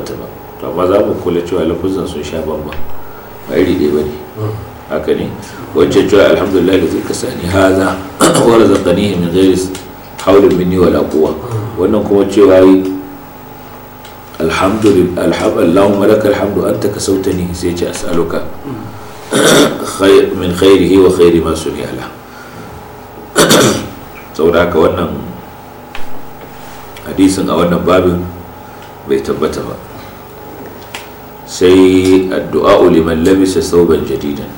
tabbata ba to amma za mu kula cewa lafuzan sun sha bamban ba iri ɗaya ba ne haka ne wancan cewa alhamdulillah da zai kasani haza wa razaqanihi min ghairi hawlin minni wala quwwa wannan kuma cewa alhamdulillah allahumma lakal hamdu anta kasautani sai ce saluka min khairihi wa khairi ma suniyala saboda haka wannan hadisin a wannan babin bai tabbata ba sai addu'a liman labisa sauban jadidan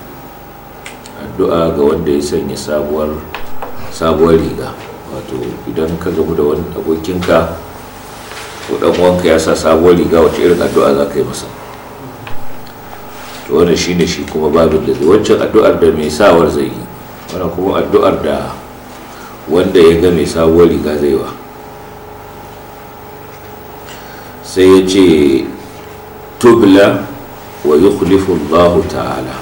addu'a ga wanda ya sanya sabuwar sabuwar riga wato idan ka gamu da wani abokinka ko dan uwanka ya sa sabuwar riga wace irin addu'a za ka yi masa to wannan shine shi kuma babin da wancan addu'ar da mai sawar zai yi wannan kuma addu'ar da wanda ya ga mai sabuwar riga zai wa sai ya ce tubla wa yukhlifu Allah ta'ala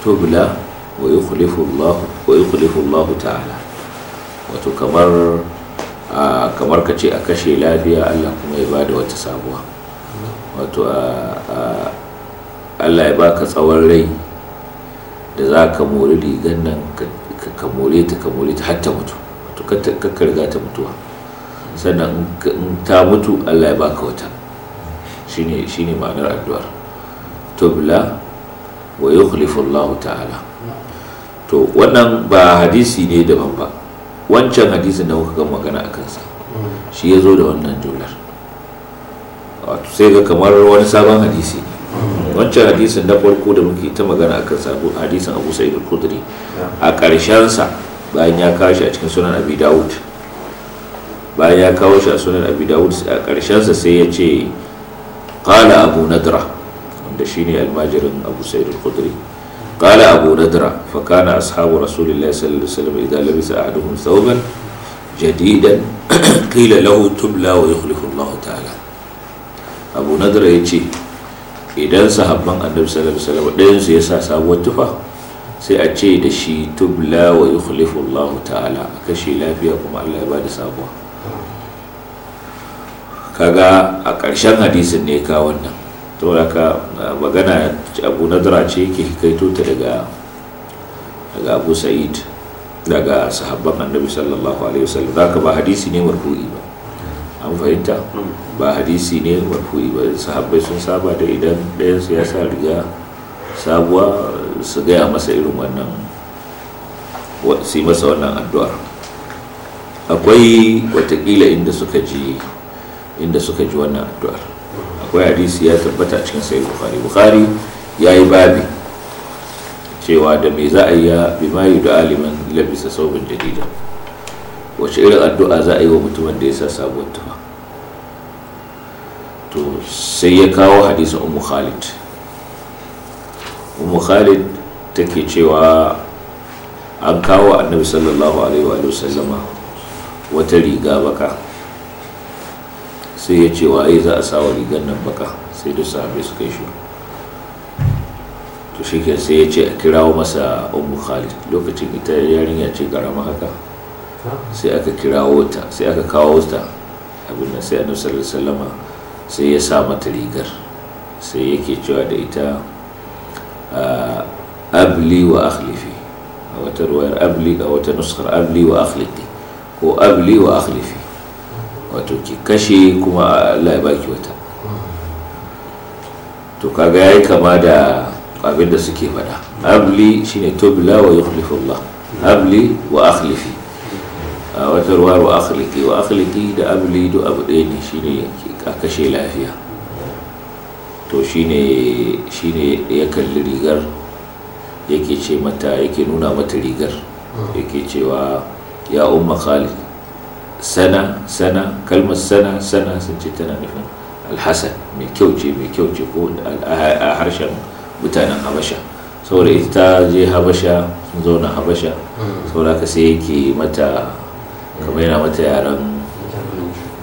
tubla wa yukhlifu Allah wa yukhlifu Allah ta'ala wato kamar kamar ka ce a kashe lafiya Allah kuma ya bada wata sabuwa wato Allah ya baka tsawon rai da za ka mori rigar nan ka more ta ka more ta har ta mutu wato ka riga ta mutuwa sannan in ta mutu Allah ya baka wata shine shine ma'anar addu'ar tubla wa yukhlifu Allah ta'ala to wannan ba hadisi ne daban ba wancan hadisin da kuka ga magana a kansa shi ya da wannan jumlar wato sai ga kamar wani sabon hadisi wancan hadisin da farko da muke ta magana akan sabo hadisin abu sa'id al-khudri a sa bayan ya kawo shi a cikin sunan abi dawud bayan ya kawo shi a sunan abi dawud a ƙarshen sa sai ya ce qala abu nadra wanda shine almajirin abu sa'id al-khudri qala abu nadra fa kana ashabu rasulillahi sallallahu alaihi wasallam idza labisa ahaduhum thawban jadidan qila lahu tubla wa yukhlifu Allah ta'ala abu yace idan sahabban annabi sallallahu alaihi wasallam ɗayan su sabuwar tufa sai a ce da shi tubla wa yukhlifu Allah ta'ala a kashe lafiya kuma Allah ya bada sabuwa kaga a ƙarshen hadisin ne ka wannan to haka ah, magana abu nadra ce yake kaito ta daga daga abu sa'id daga sahabban annabi sallallahu alaihi wasallam ka ba hadisi ne marfu'i ba an fahimta ba hadisi ne marfu'i ba sahabbai sun saba da idan ɗayan su ya sa riga sabuwa su gaya masa irin wannan su yi masa wannan addu'ar akwai watakila inda suka ji inda suka ji wannan addu'ar akwai hadisi ya tabbata cikin sai bukhari bukhari ya yi babi cewa da me za a yi bi ma da aliman labisa saubin jadida wace irin addu'a za a yi wa mutumin da ya sa sabuwar tufa to sai ya kawo hadisin ummu khalid umu khalid take cewa an kawo annabi sallallahu alaihi wa sallama wata riga baka sai ya ce waye za a sawa rigar nan baka sai duk sahabi su yi shi to shi sai ya ce a kirawo masa ummu khalid lokacin ita yarinya ce karama haka sai aka kirawo ta sai aka kawo ta abin nan sai annabi sallallahu alaihi wasallama sai ya sa mata rigar sai yake cewa da ita abli wa akhlifi a wata ruwayar abli a wata nuskar abli wa akhlifi ko abli wa akhlifi wato ki kashe kuma Allah ya baki wata to kaga yayi kama da abin da suke faɗa abli shine tubla wa yukhlifu Allah abli wa akhlifi a wata ruwa wa akhliki wa akhliki da abli duk abu ɗaya ne shine a kashe lafiya to shine shine ya kalli rigar yake ce mata yake nuna mata rigar yake cewa ya umma khalid sana sana kalmar sana sana sun ce tana nufin alhassan mai kyau ce mai kyau ce ko a harshen mutanen habasha saboda ita ta je habasha sun zauna habasha hmm. saboda ka sai yake mata kamar yana mata yaran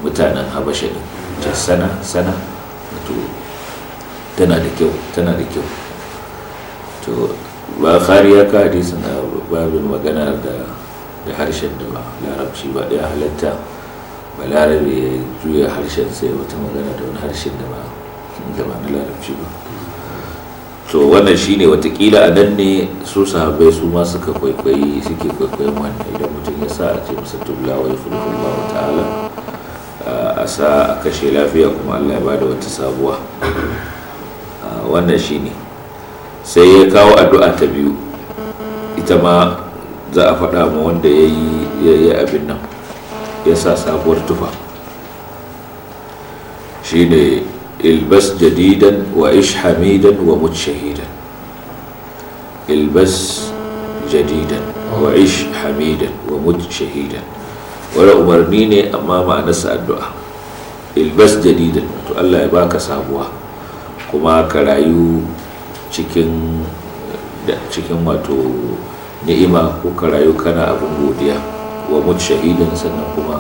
mutanen habasha ne ce sana sana wato tana da kyau tana da kyau to ba kariya ka hadisin babin magana da da harshen da ba larabci ba ɗaya halatta ba larabe ya juya harshen sai wata magana da wani harshen da ba da na larabci ba to wannan shine watakila a nan ne su sahabai su ma suka kwaikwayi suke kwaikwayon wannan idan mutum ya sa a ce masa tubla wa ta'ala a sa a kashe lafiya kuma Allah ya bada wata sabuwa wannan shine sai ya kawo addu'a ta biyu ita ma za a faɗa ma wanda ya yi abin nan ya sa sabuwar tufa shi ne ilbas jadidan wa ish hamidan wa mut shahidan ilbas jadidan wa ish hamidan wa mut shahidan wani umarni ne amma ma'anarsa addu'a ilbas jadidan to Allah ya baka sabuwa kuma ka rayu cikin wato ni'ima ko ka rayu kana abin godiya wa mut shahidan sannan kuma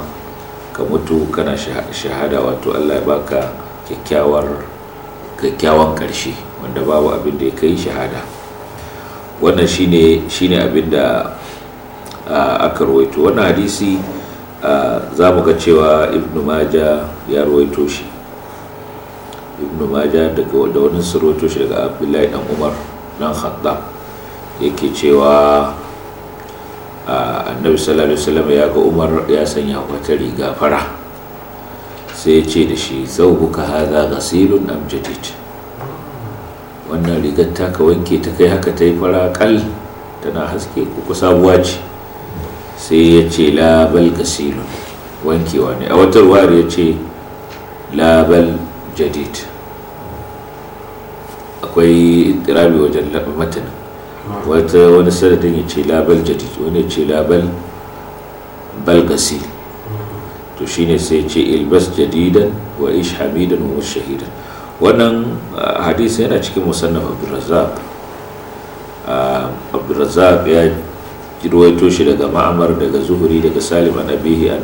ka mutu kana shahada wato Allah ya baka kyakkyawar kyakkyawan karshe wanda babu abin da ya kai shahada wannan shine shine abin da aka rawaito wannan hadisi za mu ga cewa ibnu maja ya rawaito shi ibnu maja daga da wani su daga abdullahi dan umar dan khattab yake cewa annabi sallallahu alaihi wasallam ya ga umar ya sanya wata riga fara sai ya ce da shi thawbuka hadha ghasilun am jadid wannan rigar ta ka wanke ta kai haka ta yi fara kal tana haske ko sabuwa ce sai ya ce labal gasilun wankewa ne a watar wari ya ce labal jadid akwai rabi wajen matanin wata wani sanadin ya ce labal jadid wani ya ce labal balgasi to shi ne sai ce ilbas jadidan wa ish hamidan wa shahida. wannan ah, hadisi yana cikin musannaf abdurrazzaq ah, abdurrazzaq ya ruwaito shi daga ma'amar daga zuhuri daga salim an abihi an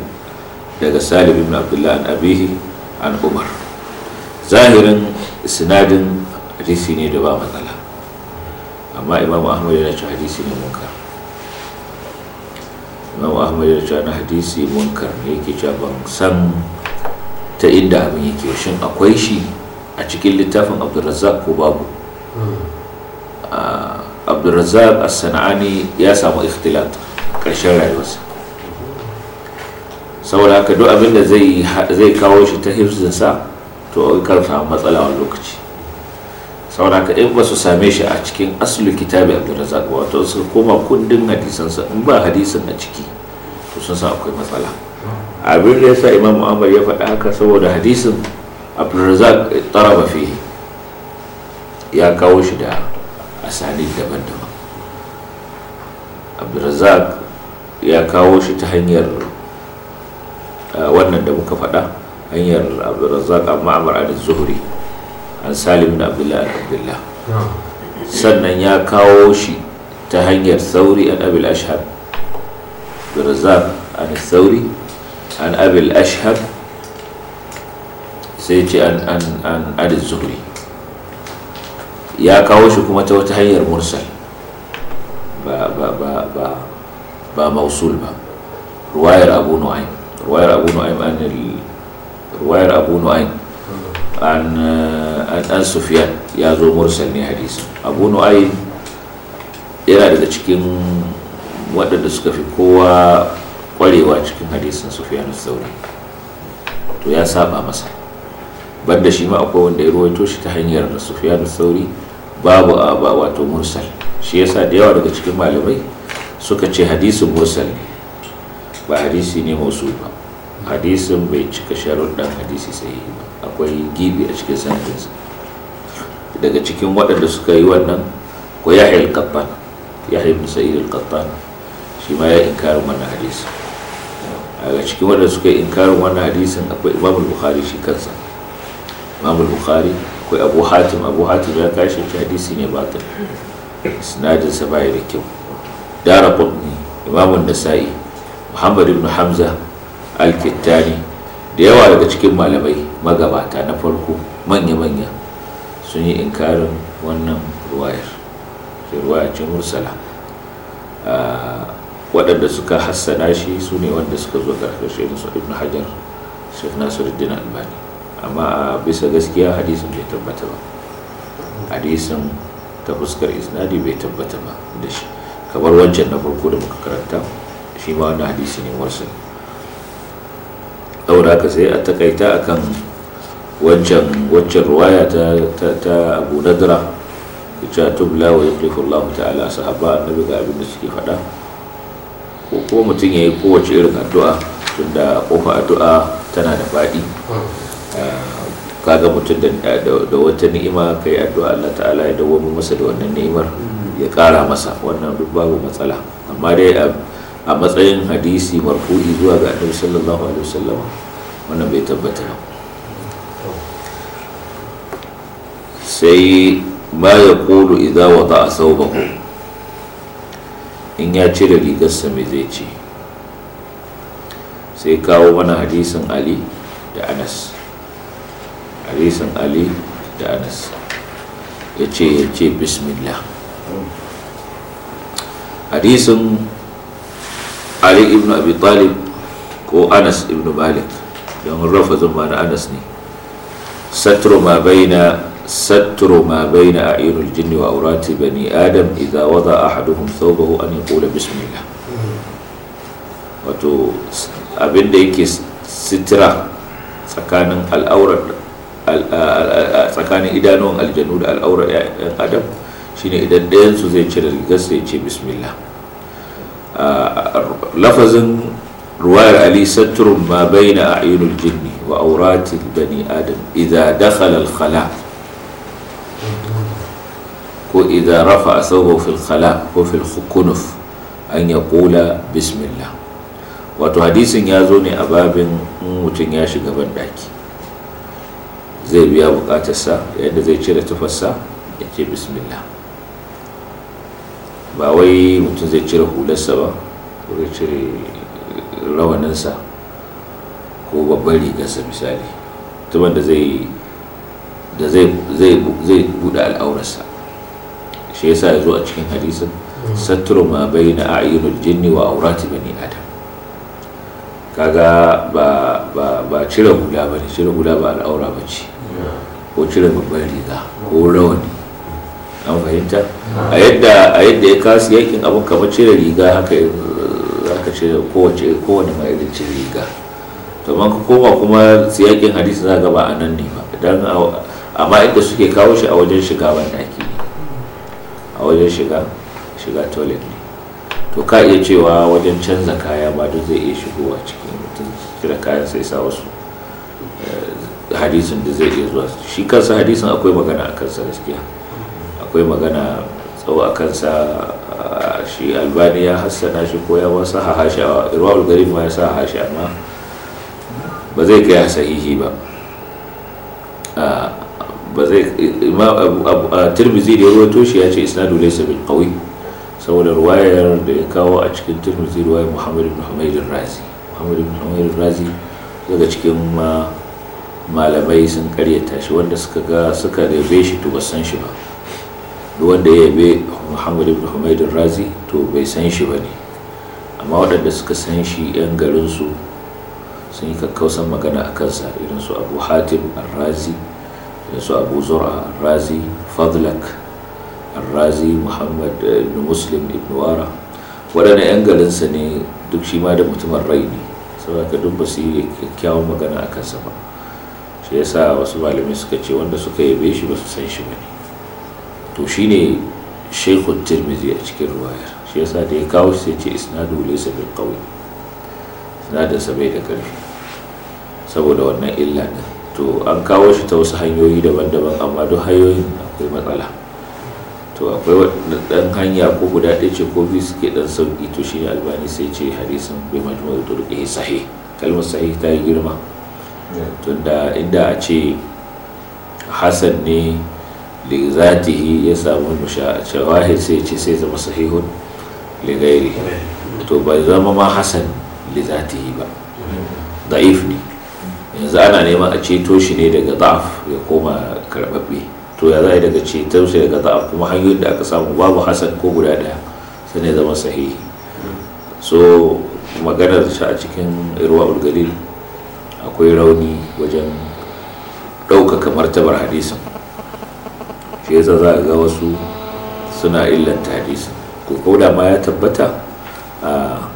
daga salim ibn abdullah an abihi an umar zahirin sinadin hadisi ne da ba matsala amma imamu ahmad yana ci hadisi ne munkar imamu ahmad yana ci na hadisi munkar ne yake cewa ban san ta inda abin yake shin akwai shi a cikin littafin abdulrazzaq ko babu hmm. ah, abdulrazzaq as-sana'ani ya samu ikhtilat ƙarshen rayuwarsa saboda haka duk abin da zai kawo shi ta hifzinsa to karfa matsala wani lokaci saboda in ba su same shi a cikin asalin kitabi abdurrazzaq wato su koma kundin hadisansa in ba hadisin a ciki to sun sa akwai matsala abin da yasa imam muhammad ya faɗa haka saboda hadisin abdurrazzaq taraba fihi ya kawo shi da asali daban-daban abdurrazzaq ya kawo shi ta hanyar ah, wannan da muka faɗa hanyar abdurrazzaq amma amar al-zuhri an salim da abdullah sannan ya kawo shi ta hanyar sauri an abil ashhab birzab an sauri an abil ashhab sai ce an an adin zuhri ya kawo shi kuma ta wata hanyar mursal ba ba ba ba ba mausul ba ruwayar abu nu'aym ruwayar abu nu'aym an ruwayar abu nu'aym an ɗan eh, ya zo mursal ne hadisi abu nu'aym yana daga cikin waɗanda suka fi kowa kwarewa cikin hadisin sufyan sauri to ya saba masa banda shi ma akwai wanda ya ruwaito shi ta hanyar sufyan sauri babu a ba wato mursal shi yasa da yawa daga cikin malamai suka ce hadisin mursal ne ba hadisi ne mausul ba hadisin bai cika sharuɗan hadisi yi ba akwai gibi a cikin sanadinsa daga cikin waɗanda suka yi wannan ko ya hayar kaffan ya hayar sa'id al-kafan shi ma ya inkarin wannan hadisi daga cikin waɗanda suka yi inkarin wannan hadisin akwai imamul bukhari shi kansa imamul bukhari akwai abu hatim abu hatim ya kashe shi hadisi ne ba ta sinadinsa bayan da kyau dara kudni imamun nasa'i muhammad ibn hamza al-kittani da yawa daga cikin malamai magabata na farko manya-manya sun yi inkarin wannan ruwayar ruwayar mursala ah, waɗanda suka hassana shi su ne wanda suka zo ƙarƙashin su ibn hajar shek nasiruddin albani amma a bisa gaskiya hadisin bai tabbata ba hadisin ta fuskar isnadi bai tabbata ba da shi kamar wancan na farko da muka karanta shi ma wani hadisi ne wasu ɗaura ka sai a takaita akan wancan waccan ruwaya ta ta abu nadra ta tubla wa yukhlifu Allah ta'ala sahaba annabi ga abin da suke faɗa ko kuma mutum yayi kowace irin addu'a tunda kofa addu'a tana da faɗi hmm. ah, kaga mutum da wata ni'ima kai addu'a Allah ta'ala ya dawo masa da wannan ni'imar hmm. ya ƙara masa wannan duk babu matsala amma dai a matsayin hadisi marfu'i zuwa ga annabi sallallahu alaihi wasallam wannan bai tabbata ba sai ma ya kulu idza wada a saubahu in ya cire rigarsa mai zai ce sai kawo mana hadisin ali da anas hadisin ali da anas ya ce ya ce bismillah hadisin ali ibn abi talib ko anas ibn malik don rafa zuma da anas ne satru ma baina ستر ما بين أعين الجن وأورات بني آدم إذا وضع أحدهم ثوبه أن يقول بسم الله wato abin da yake sitira tsakanin al'aurar tsakanin idanuwan aljanu da al'aurar 'yan adam shine idan ɗayansu zai cire rigarsa sai ce bismillah lafazin ruwayar ali satturun ma bai na a'yunul jinni wa auratin bani adam idan dakhala al-khala' ko idza rafa a fil khala ko fil khukunuf an ya kula bismillah wato hadisin ya zo ne a babin mutum ya shiga ban daki zai biya bukatarsa yadda zai cire tufarsa ya ce bismillah ba wai mutum zai cire hularsa ba ko zai cire rawaninsa ko babban rigarsa misali tuban da zai buɗe al'aurarsa shi yasa ya zo a cikin hadisin satru ma na a'yunul jinni wa aurati bani adam kaga ba ba ba cire hula ba ne cire hula ba al'aura ba ce ko cire babban riga ko rawani an fahimta a yadda a yadda ya kasu yakin abin kamar cire riga haka haka cire kowace kowane mai irin cire riga to man ka koma kuma siyakin hadisi za ga ba a nan ne ba dan amma inda suke kawo shi a wajen shiga ban daki wajen shiga shiga toilet ne to ka iya cewa wajen canza kaya ba duk zai iya shigowa cikin mutum kira kayan sai sa wasu eh, hadisin da zai iya zuwa shi kansa hadisin akwai magana a kansa gaskiya akwai magana tsawo a kansa shi albani ya hassana shi ko ya sa hahashi a irwa garib ma ya sa hahashi amma ba zai kai sahihi ba ah, ba zai a tirmizi da ya rawaito shi ya ce isnadu laysa bil qawi saboda ruwayar da ya kawo a cikin tirmizi ruwayar muhammad ibn humayd razi muhammad ibn humayd razi daga cikin malamai sun karyata shi wanda suka ga suka yabe shi to ba san shi ba wanda ya yabe muhammad ibn humayd razi to bai san shi ba ne amma waɗanda suka san shi 'yan garinsu sun yi kakkausan magana a kansa irin su abu hatim al razi su abu zura razi fadlak razi muhammad ibn muslim ibn wara waɗanda 'yan galinsa ne duk shi ma da mutumin rai ne saboda duk ba su yi kyakkyawan magana a kansa ba shi ya sa wasu malamai suka ce wanda suka yabe shi ba su san shi ba ne to shi ne shekun tirmizi a cikin ruwaya shi ya sa da ya kawo shi sai ce isnadu laysa bil qawi sinadarsa bai da ƙarfi saboda wannan illa to an kawo shi ta wasu hanyoyi daban-daban amma duk hanyoyin akwai matsala to akwai dan hanya ko guda ɗaya ce ko biyu suke dan sauki to shi albani sai ce hadisin bai majmu'u turqi sahi kalmar sahi ta yi girma tunda inda a ce hasan ne li zatihi ya samu wahi sai ce sai zama sahihun li to bai zama ma hasan li zatihi ba da'if ne yanzu ana neman a ceto shi ne daga da'af ya koma karbabbe. to ya za a daga ceto shi daga da'af kuma hanyoyin da aka samu babu hasan ko guda ɗaya sai ne zama sahihi so maganar shi a cikin irwa ulgalil akwai rauni wajen ɗaukaka martabar hadisin shi yasa za ga wasu suna illanta hadisin ko da ma ya tabbata a ah,